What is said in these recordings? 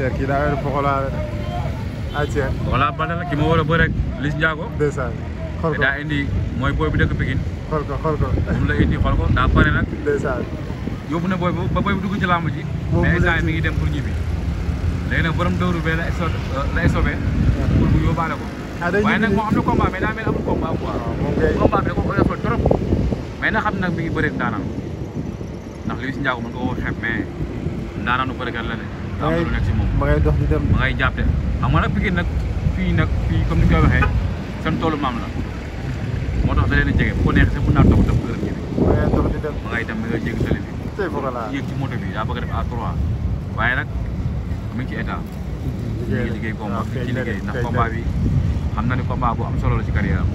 Thier kii daa yor ki ma war a bëre rek Liss daa indi mooy booy bu dëkk Pikine. xool la indi xool ko daa pare nag. yóbbu na booy ba booy bu dugg ci làmb ji. moom mais mi ngi dem pour ñibbi. léegi nag borom dóoru la so euh, la sobee. pour yóbbaale ko. Ah, waaye nag moo am na combat mais daa mel amul combat quoi. Ah, moom kay combat bi trop. mais na xam nag mi ngi bëreeg ndax Liss Ndiago mën nga ko xeeb mais daanam nu bëreegal la de. am moom ma ngay dox di dem ma ngay jàpp de fii nag fii comme seen toolu maam moo tax da leen a jege bu ko neexee sax mën naa toog def a def à trois waaye nag mu na ni combat bu am solo la ci carrière am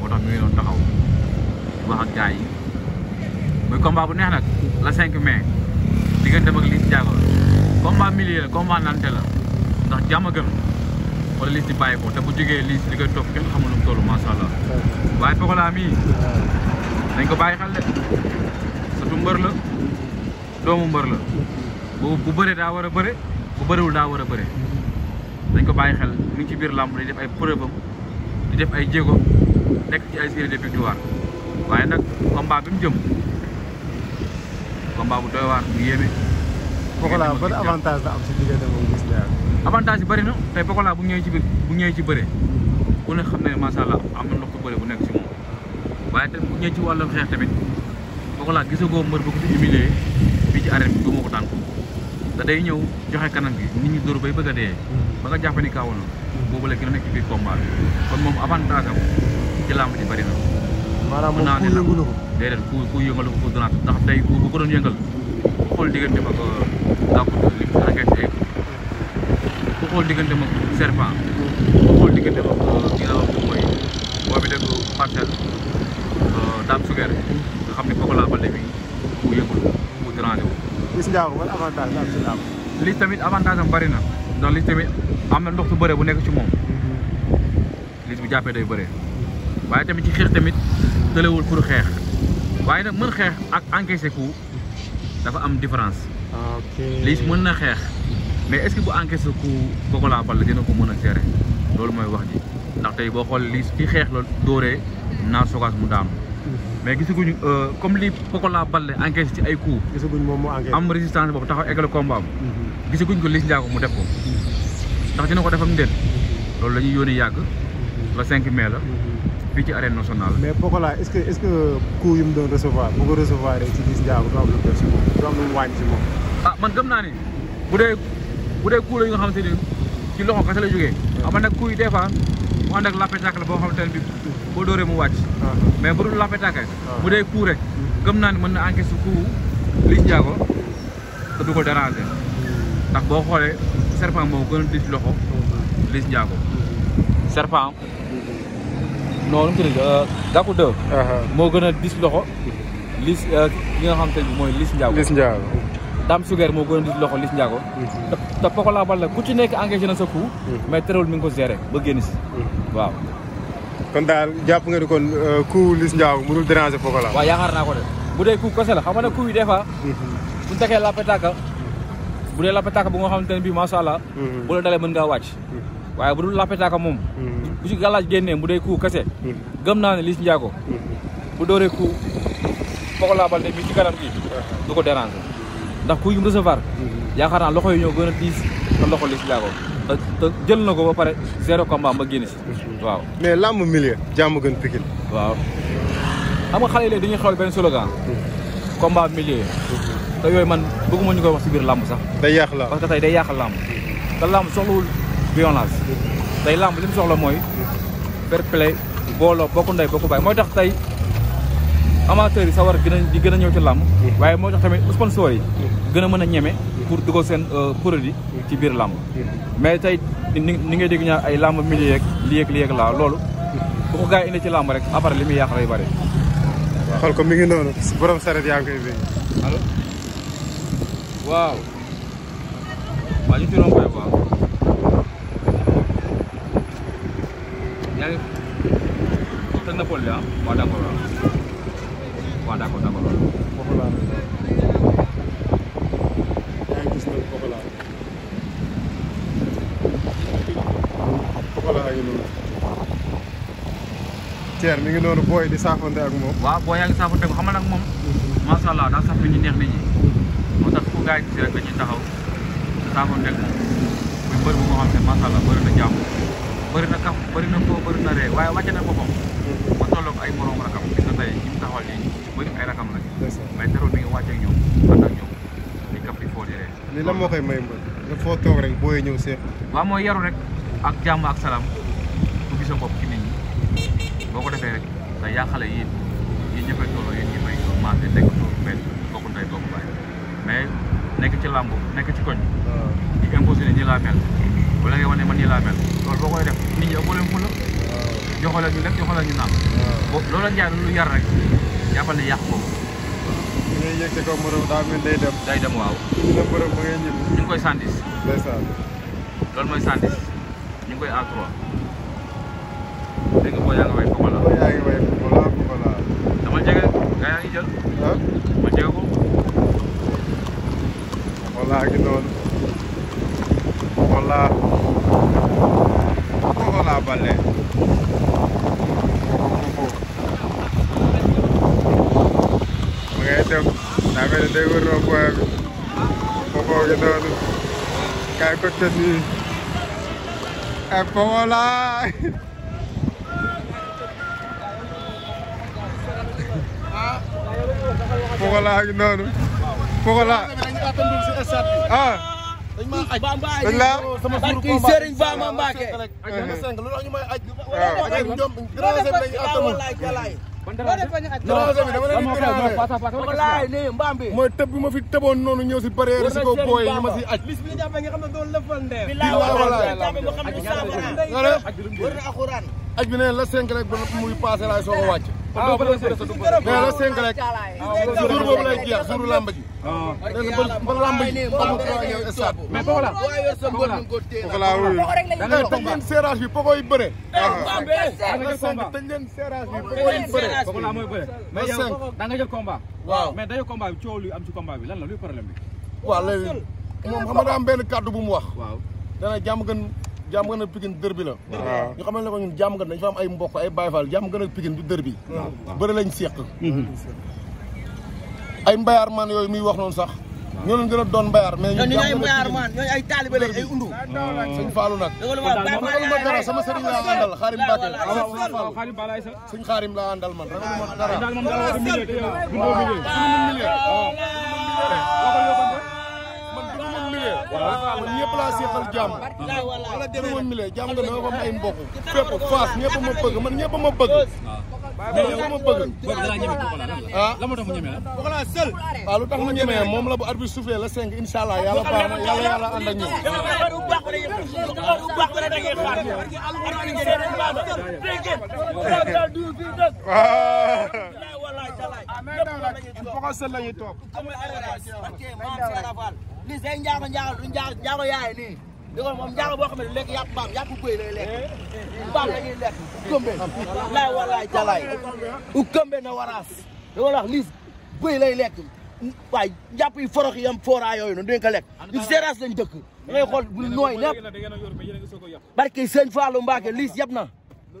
moo tax mi ngi doon taxaw wax ak gars yi muy combat bu neex nag la 5 mai diggante ak combat milieu la combat nante la ndax jàmm a gën wala liis di bàyyi ko te bu jógee liis li koy topp kenn xamul nu mu toll macha allah waaye Pokola mii dañ ko bàyyi xel de surtout mbër la doomu mbër la bu bu bëree daa war a bëre bu bëriwul daa war a bëre dañ ko bàyyi xel mu ngi ci biir làmb di def ay preuve am di def ay jéego nekk ci ay série de victoire waaye nag combat bi mu jëm combat bu doy waar yéeme. Pokola ban avantage la am si diggante moom Liss Ndiago. avantage yi bëri bu ñëwee ci ci bëre ku ne xam ne macha allah am na bu bëre bu nekk si moom waaye tamit bu ñëwee ci wàllum xeex gisagoo mbër bu ko fi humilier fii ci arène bi du ma ko daan ko day ñëw joxe kanam gi nit ñi dóor bay bëgg a dee. ba nga jàpp ni kaawoon na. boobu la gën a nekk biir combat kon moom avantage am ci làmb ji bëri na. maanaam moom ku yëngu na ko. déedéet ku ku yëngal ko ku donaat ndax tey ku ko doon yëngal xool diggante ak. Tapha 2 li mu encaissé egg ku euh, li nga wax mooy boo avantage am si laam. Liss tamit avantage am bari na ndax Liss tamit am na ndox bu bu nekk ci moom Liss bu jàppee day bëree waaye tamit ci xeex tamit tëlewul pour xeex waaye nag mën xeex ak encaissé coup dafa am différence. ok Liss mën na xeex mais est-ce que bu encaissé ku laa balle dina ko mën a seere loolu mooy wax ji ndax tey boo xool Liss fi xeex la dóoree naar sogaas mu daanu. mais gisaguñu euh, comme li Pokola Baldé encaissé ci ay coups. gisaguñ moom moo encaissé am résistance boobu taxaw eggal combat am. Mhm. gisaguñ ko Liss Ndiago mu def ko. Mhm. ndax dina ko defam ndéet. Mhm. loolu la ñuy yónnee yàgg. la 5 mai la. fii ci arène nationale. mais Pokola est ce que est ce que coup yu mu doon recevoir bu ko recevoir rek ci Liss Ndiago du am lu def si moom du am lu mu wàññi si moom. ah man gëm naa ni bu dee bu dee coup la yu nga xamante ni ci loxo kese la jógee. xam nga nag coup yi des fois mu ànd ak lapetaak la boo xamante ne bi boo dooree mu wàcc. mais bu dul lapetaak bu dee coup rek gëm naa ni mën na encaisser coup Liss Ndiago te du ko déranger ndax boo xoolee serpent moo gën a diis loxo Liss Ndiago serpent. non lu mu tudd euh, uh-huh. moo gën a dis loxo. lis li euh, nga xam xamante ni mooy lis Ndiago. lis Ndiago. Dame Suger moo gën a dis loxo lis Ndiago. Uh-huh. te te Pokola Baldé ku ci nekk engagé na sa coup. Uh-huh. mais terewul mi ngi ko géré ba génn si. waaw. kon daal jàpp nga ni kon euh, coup lis Ndiago mënul déranger Pokola. waaw yaakaar naa ko de bu dee coup kese la xam nga ne coup bu tegee la pétanque bu dee la pétanque bu nga xamante ne bii macha allah. bu la dalee mën ngaa wàcc. waaye bu dul la pétanque moom. bu ci gàllaaj génnee bu dee coup kese. Hmm. gëm naa ne Liss Ndiago. Hmm. bu dooree coup Pokola de mi ci kanam gi uh-huh. du ko déranger ndax ku yum recevoir. Hmm. yaakaar naa loxo yi ñoo gën a diis te loxo Liss Ndiago te te jël na ko ba pare zéro combat ba génn si. waaw mais làmb milieu jàmm gën Pikine. waaw xam nga xale yi léegi dañuy xool benn slogan. combat milieu. te yooyu man bëgguma ñu koy wax si biir làmb sax. day yàq làmb parce que yàq làmb. te làmb soxlawul tey làmb li mu soxla mooy fair play booloo bokku ndey bokku baay mooy tax tey amateurs yi sa war gën di gën a ñëw ci làmb waaye moo tax tamit sponsor yi gën a mën a ñeme pour dugal seen euh, produit ci biir làmb mais tey ni ngay dégg ñaar ay làmb milieu yeeg lii yeeg lii yeeg laa loolu bu ko indi ci làmb rek après li muy yàq lay bëri xool ko mi ngi noonu borom saret yaa ngi koy béy waaw waaw ñu turoon ñaari te Napoli ah waaw d' accord waaw d' accord d' accord. Pokola yaa ngi gis nag Pokola. Pokola a ngi noonu. Thier mi ngi noonu booy di saafante ak moom. waaw booy yaa ngi saafante ak xamal ak moom. macha allah daa saf bi ñu neex nit ñi. moo tax fu gars yi gis rek dañuy taxaw saafante ak moom. muy mbër bu nga xam ne macha allah bëri na jàmm. bëri na kaf bëri na foo bëri na ree waaye wàcce na boppam ba tolloog ay moroom rakam gis nga tey ñi mu taxawal nii ñu bëri ay rakam lañ mais teroo mi ngi wàcceeg ñoom ànd ak ñoom di kaf di foo di ree lii lan moo koy may mbër nga foo toog rek booyee ñëw seet waaw mooy yaru rek ak jàmm ak salaam ku gis sa bopp ci nit ñi boo ko defee rek da yaa xale yi yi ñëppee tolloo yéen ñëppay commencé nekk tool benn bokk ndey bokk baay mais nekk ci làmb nekk ci koñ di imposé ne ñi laa mel wala nga wane man nii mel loolu boo koy def nit ñi ëppoo leen fula joxoo lekk joxoo leen ñu naan boobu la njaay lu yar rek jàppal ne yàq boobu ñu ngi yëg ci kaw morom daa mel day dem day dem waaw dina morom ba ngay ñib ñu ngi koy sandis ndeysaan loolu mooy sandis ñu ngi koy A3 daa mel ni day wër na booy bi Momo noonu kaay ko tëdd yi ak Momo laay Momo laa ngi noonu laa ah dañ laa walaay ne mbaam bi mooy tëb bi noonu ñëw si barrière si kaw la cinq rek ba muy passé laay soo ko wàcc ah, la cinq rek jour boobu lay jeex jour làmb ji mais Pokola Pokola wuyu da ngay tëj leen serrage bi Poko yi bëre. da nga jël combat tëj leen serrage bi Poko yi bëre. Pokola mooy bëre mais yow da nga jël combat. waaw mais dañu combat bi coow lu am ci combat bi lan la luy problème bi. waaw léegi moom xam nga daa am benn kàddu bu mu wax. waaw dana jàmm gën. jàmm gën a pikin dër bi la ñu xamal ne ko ñun jàmm gën dañu fa am ay mbokk ay Baay Faal jàmm gën a pikin du dër bi bëri lañ seq ay mbayaar man yooyu muy wax noonu sax ñoo leen gën a doon mbayaar mais ñu ñooy mbayaar man ñooy ay taalibe lañ ay undu sëñ Fallou nag ragalu ma dara sama sëriñ laa àndal xaarim Mbacke sëñ xaarim laa àndal man ragalu ma dara waaw kon ñëpp laa seetal jàmm. wala demee ma mile jàmm nga ne ma ay mbokk. fépp faas ñëpp ma bëgg man ñëpp ma bëgg. mais yow ma bëgg ah la moo tax mu ñeme la seul waaw ah, lu tax mu ñeme moom la bu arbitre soufflé la cinq inshallah yàlla baax na yàlla yàlla ànd ak ñoom ah. ah, waaw seul lañuy toog li say njaago njaago du njaago njaago yaay nii di moom njaalo boo xam ne lekk yàpp mbaam yàpp bëy lay lekk mbaam la ñuy lekk ukëmbe laay walaay na lekk waay njàpp yi forox yi am foora yooyu noonu lekk ñu seeraas lañ dëkk da ngay xool nooy lépp barke sëñ Fallou Mbacke liis yab na bon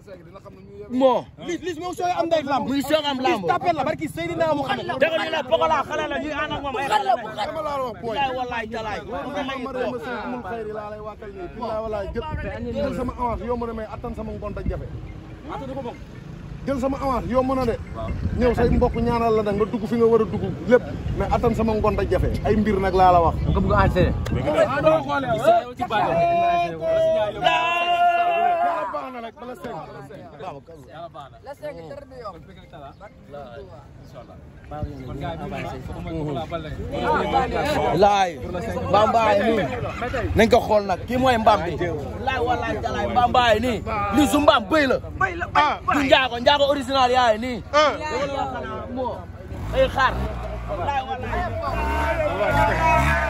li li moo soog am ndey lamb muy soog am lamb tapet la barki Seydina mu xam ne dëgg ñu la pokola xale la ñuy ànd ak moom ay xale la bilaay wallaay talaay amul xayri laa lay waatal nii bilaay wallaay sama avance yoo mën a may sama ngont ak jafe jël sama avance yoo mën a de ñëw say mbokk ñaanal la da nga dug fi nga war a dugg lépp mais attan sama ngont ak jafe ay mbir nag laa la wax nga bëgg enchaîner yàlla baax na rek la sëñ. la sëñ xool nag kii mooy mbaam bi laay walaay jalaay mbambaay nii lii su mbaam bëy la ah du njaago njaago original yaay nii ah. ay xaar laay walaay